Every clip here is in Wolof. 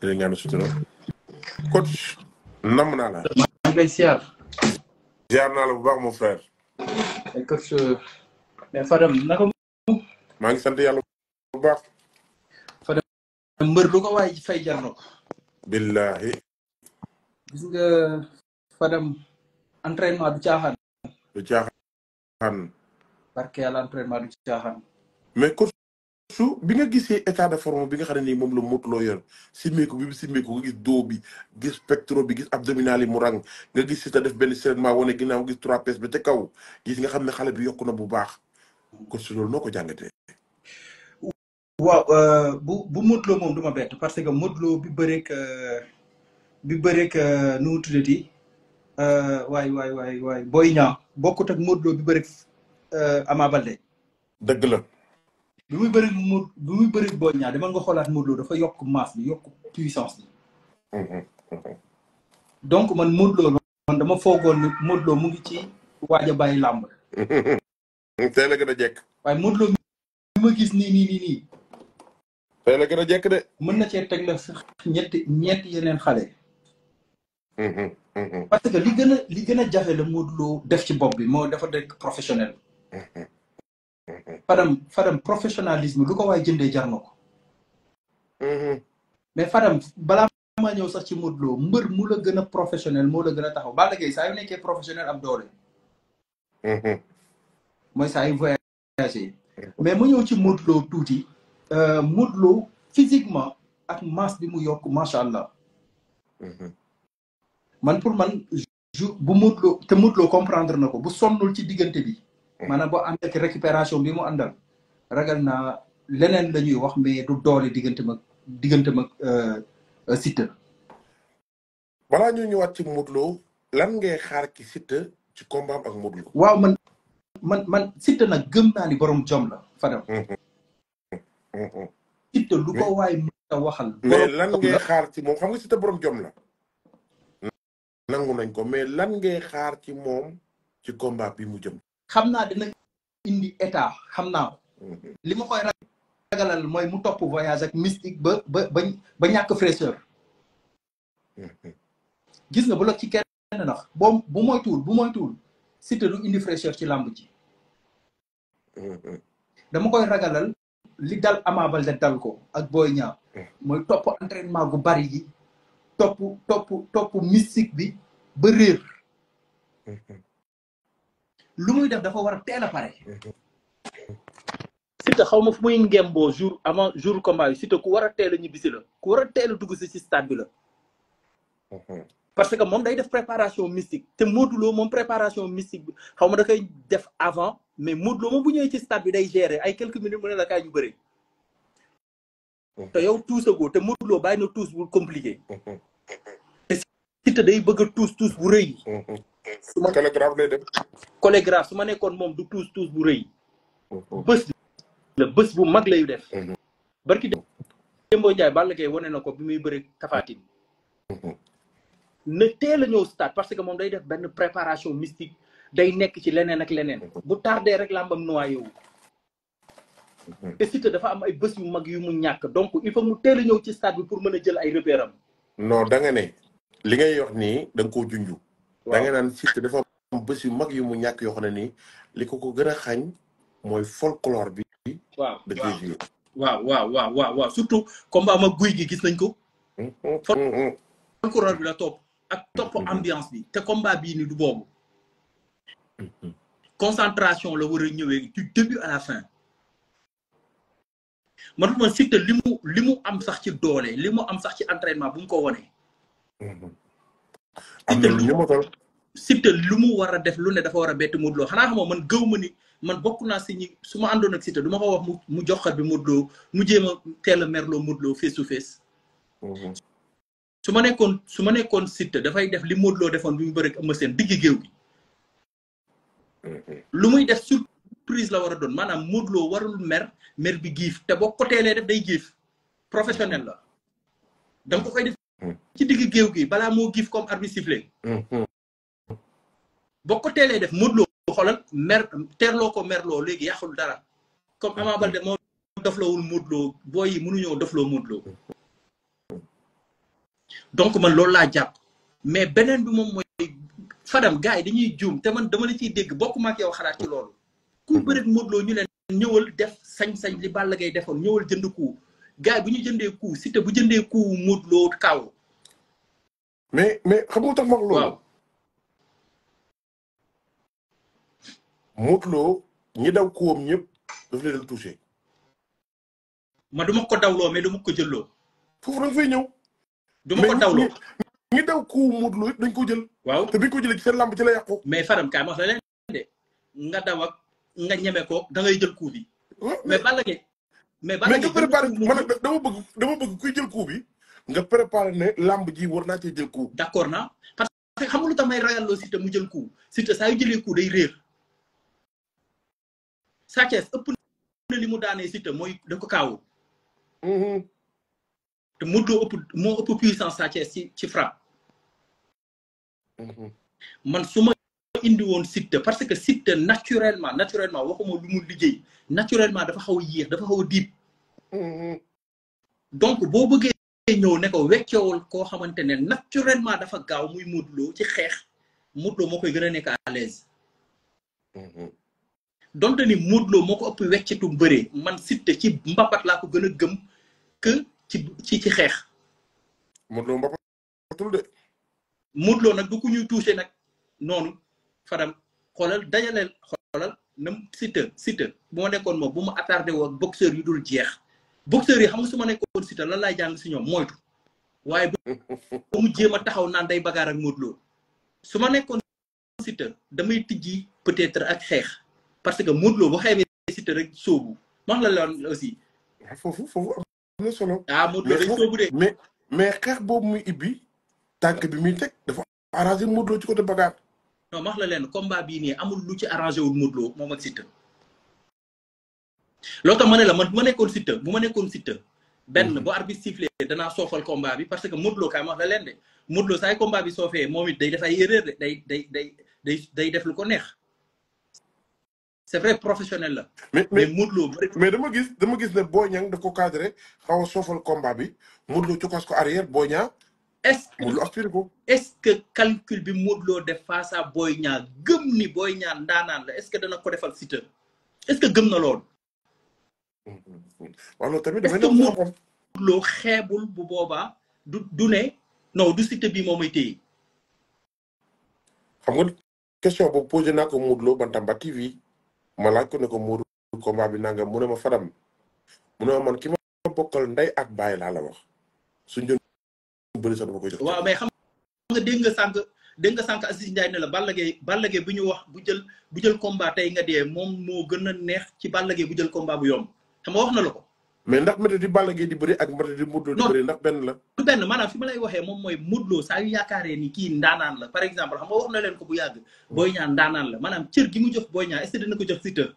di la ñaanu la. maa ngi lay ziar. la bu baax mon frère. Eh, euh, mais Fadam naka mu. maa ngi sant yàlla bu baax. Fadam mbër lu ko fay jar billahi. gis nga Fadam entraînement du caaxaan. du caaxaan. barke yàlla entraînement du caaxaan. mais coach su bi nga gisee état de forme bi nga xam ne nii moom la Modou Lo yor simmeeku bi simmeeku nga gis dos bi gis pectoral bi gis abdominal yi mu rang nga gis si ta def benn serment wane ginnaaw gis trois pièces bi te kaw gis nga xam ne xale bi yokku na bu baax ko su loolu noo ko jàngatee. waaw euh, bu moom du ma bett parce que Modou bi bëreeg euh, bi bëreeg euh, nu mu tuddati waay waay waay waay Boy Niang bokkut ak Modou Lo bi bëreeg dëgg la. bi muy bëri mu bi muy bëri Boy ñaar dama nga xoolaat Modou dafa yokk masse bi yokk puissance bi. donc man Modou Lo man dama foogoon ni mu ngi ci waaj a bàyyi làmb. tey la gën a jekk. waaye Modou Lo ma gis nii nii nii nii. tey la a jekk de. mën na cee teg la sax ñetti ñetti yeneen xale. parce que li gën a li gën a jafe la Modou def ci bopp bi moo dafa dekk professionnel. Mm-hmm. Fadam Fadam professionnalisme lu ko waay jëndee jar na ko. Mm-hmm. mais Fadam balaa maa ñëw sax ci Modou mbër mu la gën a professionnel moo la gën a taxaw Balla saa yu nekkee professionnel am doole. Mm-hmm. mooy saa yu voyagé. mais mu ñëw ci Modou Lo tuuti. Euh, Modou Lo physiquement ak masse bi mu yokk macha allah. man pour man jour bu Modou te Modou Lo comprendre na ko bu sonnul ci diggante bi. mana bo ànd ak récupération bi mu andal ragal na leneen lañuy wax mais du doole diggante mag diggante euh site wala ñu ñëwaat ci modlo. lan ngay xaar ci site ci combat ak modlo waaw man man man site nak gëm na ni borom jom la Fadam. site lu ko way mu ta waxal. mais lan ngay xaar ci mom xam nga site borom jom la. nangu nañ ko mais lan ngay xaar ci mom ci combat bi mu jëm. xam naa dina indi état xam naa ko mhm. li ma koy ragalal mooy mu topp voyage ak mystique ba ba ba ba ñàkk mhm. gis nga bu la ci kenn nax boo bu moytuwul bu moytuwul Siteu du indi fraîcheur ci làmb ji mhm. dama koy ragalal li dal Ama Baldé dal ko ak Boy Niang mooy topp entraînement gu bari gi topp topp topp bi ba réer lu muy def dafa a teel a pare. jour avant jour combat si te ku war a teel a parce que moom day préparation mystique te préparation mystique def avant mais bu ci stade bi day gérer a quelques minutes mu ne la kaay ñu bëri. Mhm. te yow te bàyyi na tuus bu compliqué. Mhm. te day bëgg a mhm. su ma collégraphe lay dem. su ma nekkoon moom du tuus tuus bu rëy. Mhm. bés la bés bu mag lay def. Mhm. barki Demba Ndiaye Balla Gaye wane na ko bi muy bëri Tafatine. Mhm. na teel a ñëw stade parce que moom day def benn préparation mystique day nekk ci leneen ak leneen. bu tardé rek làmbam noyyi wu. te dafa am ay bés yu mag yu mu ñàkk donc il faut mu teel a ñëw ci stade bi pour mën a jël ay repéram. non da nga ne li ngay wax nii da nga koo junju. da nga naan Siteu dafa am bés yu mag yu mu ñàkk yoo xam nii li ko ko gën a xañ mooy folklore bi. waaw waaw waaw waaw waaw waaw surtout combat ma guy gi gis nañ ko. folklore bi la topp ak topp mm-hmm. ambiance bi te combat bii ni du boobu. Mm-hmm. concentration la war a ñëwee du début à la fin. ma duma Siteu li mu li mu am sax ci doole li mu am sax ci entraînement bu mu ko wonee. Mm-hmm. Siteu lu mu war a def lu ne dafa war a bett Modou Lo xanaa xamoo man gëw ma ni man bokk naa si ñi su ma àndoon ak Siteu du ma ko wax mu mu jox xar bi Modou mu jéem a teel a merloo Modou Lo face to face. Mhm. su ma nekkoon su ma nekkoon Siteu dafay def li Modou Lo defoon bi mu bëri am seen digg géew mhm. muy def surprise la war a doon maanaam Modou Lo warul mer mer bi giif te boo ko teelee def day giif professionnel la. Mhm. da nga ko fay def. ci digg géew gi balaa moo giif comme arbitre sifflé. boo ko teelee def Modou Lo xoolal mer teerloo ko merloo léegi yàqul dara comme Ama Baldé moo dofloowul Modou Lo booy yi mënuñoo dofloo Modou Lo donc man loolu laa jàpp mais beneen bi moom mooy Fadam gars yi dañuy juum te man dama la ciy dégg bokkuma ak yow xalaat ci loolu ku bëri Modou ñu leen ñëwal def sañ-sañ li Balla Gaye defoon ñëwal jënd kuu gars bu ñu jëndee kuu Siteu bu jëndee ku Modou Lo kaw mais mais xam nga loolu Modou Lo ñi daw koom ñëpp daf leen a ma du ma ko dawloo mais du ma ko jëlloo. foofu da nga fay ñëw. du ma ko dawloo mais ñi daw koom Modou Lo yëpp dañ ko jël. waaw te biñ ko jëlee ci seen làmb ci la yàqu. mais Fadam kaay ma wax nga daw ak nga ñeme ko da ngay jël coup bi. mais Balla Gaye mais Balla Gaye mais nga préparé man dama bëgg dama bëgg kuy jël coup bi nga préparé ne làmb ji war naa cee jël coup. d' accord naa parce que xam nga lu tax may ragal loo mu jël coup Siteu saa yu jëlee coup day réer. Sa Thiès ëpp na li mu daanee Siteu mooy da ko kaawu. Mm-hmm. te Modou Lo ëpp moo ëpp puissance Sa ci ci mm-hmm. man su ma indi woon Siteu parce que Siteu naturellement naturellement waxuma lu mu liggéey naturellement dafa xaw a yéex dafa xaw a diib. Mm-hmm. donc boo bëggee ñëw ne ko wecceewul koo xamante ne naturellement dafa gaaw muy Modou ci xeex Modou Lo moo koy gën a nekk à l'aise donte ni Modou Lo moo ko ëpp weccetu mbëree man Siteu ci mbappat laa ko gën a gëm que ci ci ci xeex. Modou Lo mbapatul nag du ku ñuy touché nag noonu Fadam xoolal dajaleel xoolal nam Siteu Siteu bu ma nekkoon moom bu mu attardé woo ak boxeur yu dul jeex boxeur yi xam nga su ma nekkoon Siteu lan laay jàng si ñoom moytu waaye ba mu jéem a taxaw naan day bagaar ak Modou su ma nekkoon Siteu damay tijji peut-être ak xeex. parce que Modou Lo boo xeebee rek sóobu wax la loon aussi. Ah, foofu foofu solo. ah mais mais xeex boobu muy ibbi tànk bi muy teg dafa arrangé Modou ci côté bagaar. non wax la leen combat bii nii amul lu ci arrangé wul Modou Lo moom ak Siteu. loolu tax ma ne la man ma nekkoon Siteu bu ma nekkoon Siteu. benn mhm. bu arbitre sifflé danaa soofal combat bi parce que Modou Lo kaay la leen de Modou Lo saay combat bi soofee moom it day def ay erreur de day day day day day def lu ko neex. c'est vrai professionnel là mais mais mais dama gis dama gis ne Boy Niang daf ko cadré xaw a soofal combat bi Modou ci cokkaas ko arrière Boy est-ce que Modou est-ce que calcul bi Modou def face à Boy Niang gëm ni Boy Niang la est-ce que dana ko defal Siteu est-ce que gëm na loolu. wala tamit damay dem est xébul bu boba du du ne non du Siteu bi momay téy téye. xam nga question boobu posé naa ko Modou Lo Bantamba TV. ma laaj ko ne ko Modou bi nangam mu a ma Fadam mu ne ma man ki ma bokkal ndey at baay laa la wax suñ doon bëri sax dama koy jox. waaw mais xam nga dégg nga sànq dégg nga sànq Aziz ne la Balla Gaye Balla Gaye bu ñu wax bu jël bu jël combat tey nga dee moom moo gën a neex ci Balla Gaye bu jël combat bu yomb xam nga wax na la ko. mais ndax méthode yi Balla Gaye di bëri ak méthode yi Modou Lo di benn la du benn maanaam fi ma lay waxee moom mooy Modou Lo saa yu yaakaaree ni kii ndaanaan la par exemple xam nga na leen ko bu yàgg Boy Niang ndaanaan la maanaam cër gi mu Boy Niang est-ce que dina ko jox Siteu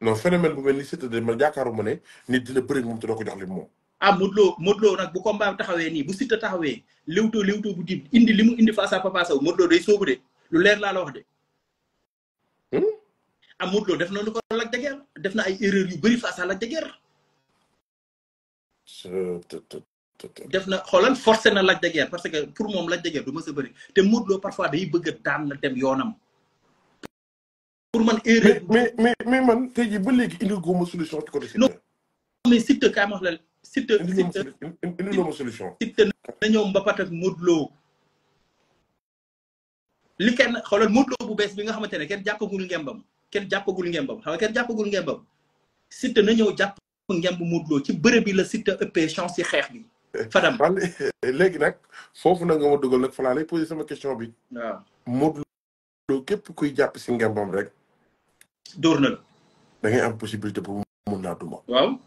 non phénomène bu mel ni Siteu de man yaakaaruma ne nit dina bëri moom te doo ko jox li moom ah Modou Lo Modou Lo nag bu combat taxawee nii bu Siteu taxawee léwtoo léwtoo bu dib indi li mu indi face à face Modou Lo day soobu de lu leer laa de hmm? amul Lo def nañu ko Lac de Guiers def na ay erreur yu bari face à Lac de Guiers def na xolal forcer na Lac de Guiers parce que pour mom Lac de Guiers du ma se bari te Modou Lo parfois day bëgg tan daan na dem yonam pour man erreur mais mais mais man tay ji ba légui indi goo ma solution ci def non mais Siteu kay ma wax la Siteu indi loo ma solution Siteu na ñoom mbapat ak Modou Lo li kenn xolal Modou Lo bu bes bi nga xamantene kenn jàppagul ngembam kenn jàppagul ngembam xam nga kenn jàppagul ngembam Siteu na ñëw jàpp ngemb Modou ci bërëb bi la Siteu ëppee chance ci xeex bi. Fadam léegi nag foofu nag nga ma dugal nag Fala lay posé sama question bi. waaw Modou képp kuy jàpp si ngembam rek. dóor na la. am possibilité pour mun naa duma. waaw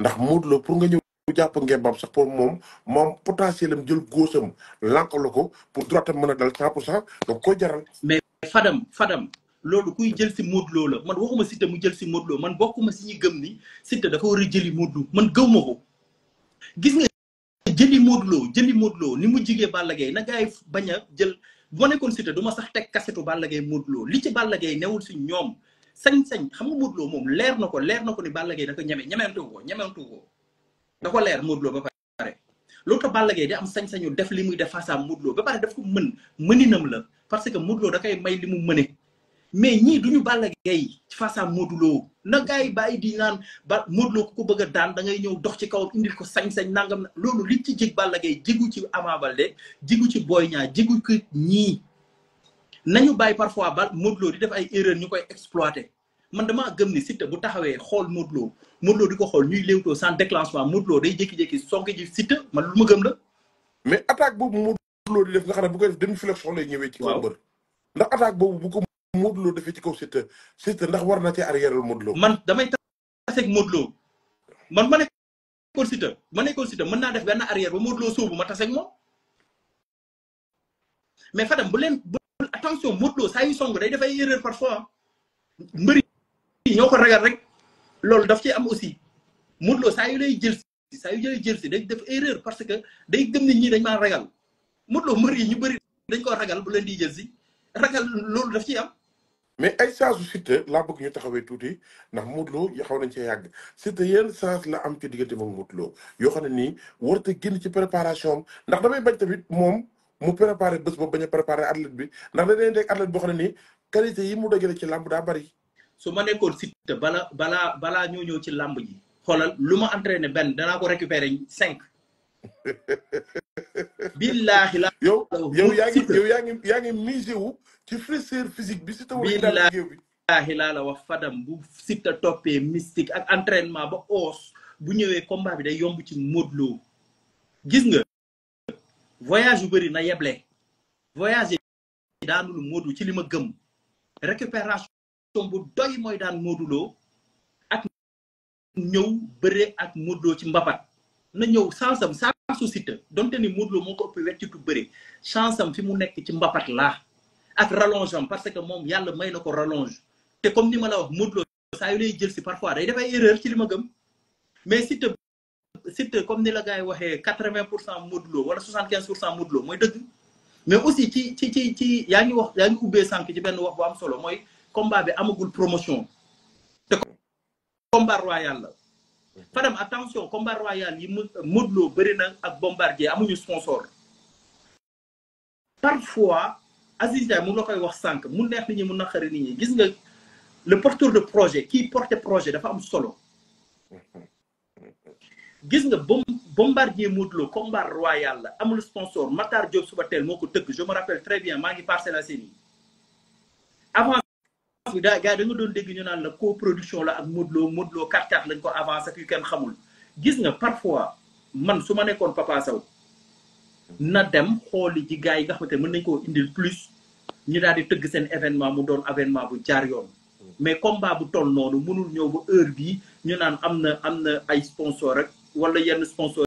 ndax Modou Lo pour nga ñëw. bu jàpp ngembam sax pour moom moom potentiel am jël góosam lànk la ko pour droite am mën a dal 100 pour cent donc koy jaral. mais Fadam Fadam. loolu kuy jël si Modou Lo la man waxuma Siteu mu jël si Modou man bokkuma si ñi gëm ni Siteu dafa war a jëli Modou Lo man gëw ma gis nga jëli Modou Lo jëli Modou ni mu jigee Balla Gaye na gaay bañ a jël bu ma nekkoon du ma sax teg kasetu Balla Gaye Modou li ci bàllagee Gaye newul si ñoom sañ-sañ xam nga Modou moom leer na ko leer na ko ni Balla nag da ñeme ñemeentu ko ñemeentu ko da ko leer Modou ba pare loolu tax Balla Gaye di am sañ-sañu def li muy def face à Modou Lo ba pare daf ko mën mëninam la parce que Modou da koy may li mu mëne mais ñii du ñu Gaye face à Modou Lo na gars yi bàyyi di naan ba Modou Lo ku ko bëgg a daan da ñëw dox ci kawam indil ko sañ-sañ nangam na loolu li ci jig Balla Gaye jigu ci Ama Baldé jigu ci Boy Niang jigu ko ñii nañu bàyyi parfois ba Modou Lo di def ay erreur ñu koy exploité man damaa gëm ni Siteu bu taxawee xool Modou Lo Modou di ko xool ñuy léewtoo sans déclenchement Modou day jékki-jékki sonk ji Siteu man lu ma gëm la mais attaque boobu Modou Lo nga xam ne bu koy def demi flexion lay ñëwee ci kaw mbër Modou defee ci kaw Siteu Siteu ndax war na ci arrière Modou Lo man damay taseeg Modou Lo man ma nekkoon Siteu ma nekkoon Siteu mën naa def benn arrière ba Modou Lo sóobu ma taseeg moom mais Fadam bu leen bu attention Modou Lo saa yu song day def ay erreur parfois mbëri yi ñoo ko ragal rek loolu daf ci am aussi Modou Lo saa yu lay jël si saa yu jël si day def erreur parce que day gëm nit ñi dañ maa ragal Modou Lo mbëri ñu bëri dañ ko ragal bu leen di jël si ragal loolu daf ci am mais ay chance su Siteu laa bëgg ñu taxawee tuuti ndax Modou loo yi xaw nañ cee yàgg Siteu yenn chance la am ci diggante moom Modou loo yoo xam ne nii warut a génn ci préparation ndax damay bañ tamit moom mu préparé bés ba bañ a préparé athlète bi ndax da leen rek athlète boo xam ne nii qualité yi mu dajale ci làmb daa bari. su ma nekkoon Siteu bala balaa balaa ñoo ñëw ci làmb ji xoolal lu ma entraîné benn danaa ko récupéré cinq. billaahi la yow yow yaa ngi yow ci fraîcheur physique bi si taw bi billaahi laa la wax fadam bu Siteu toppee mystique ak entraînement ba oos bu ñëwee combat bi day yomb ci Modou gis nga voyage yu bëri na yeble voyage yi daanul Modou ci lima ma gëm récupération bu doy mooy daan moduloo ak ñëw bëre ak Modou ci mbapat na ñëw chance am ni chance fi mu nekk ci mbapat la ak rallonge parce que nous yalla may rallonge te comme ni ma la si parfois day mais si comme ni la 80% quatre mais aussi ci ci ci wax solo combat promotion combat royal Fadam attention combat royal yi Modou Lo ak Bombardier amuñu sponsor parfois Aziz Ndiaye mu la koy wax mu neex nit ñi mu nit le porteur de projet qui porte projet dafa am solo gis nga Bombardier Moudlo, combat royal la sponsor Matar Diop subatel teel je me rappelle très bien m'a ngi avant bi daa da nga doon dégg ñu naan la coproduction la ak Modou Lo Modou Lo lañ ko avancé ak kenn xamul gis nga parfois man su ma nekkoon Papa Sow na dem xooli ji gars yi nga xamante mën nañ koo indil plus ñu daal di tëgg seen événement mu doon événement bu jaar yoon mais combat bu toll noonu mënul ñëw ba heure bii ñu naan am na am na ay sponsor rek wala yenn sponsor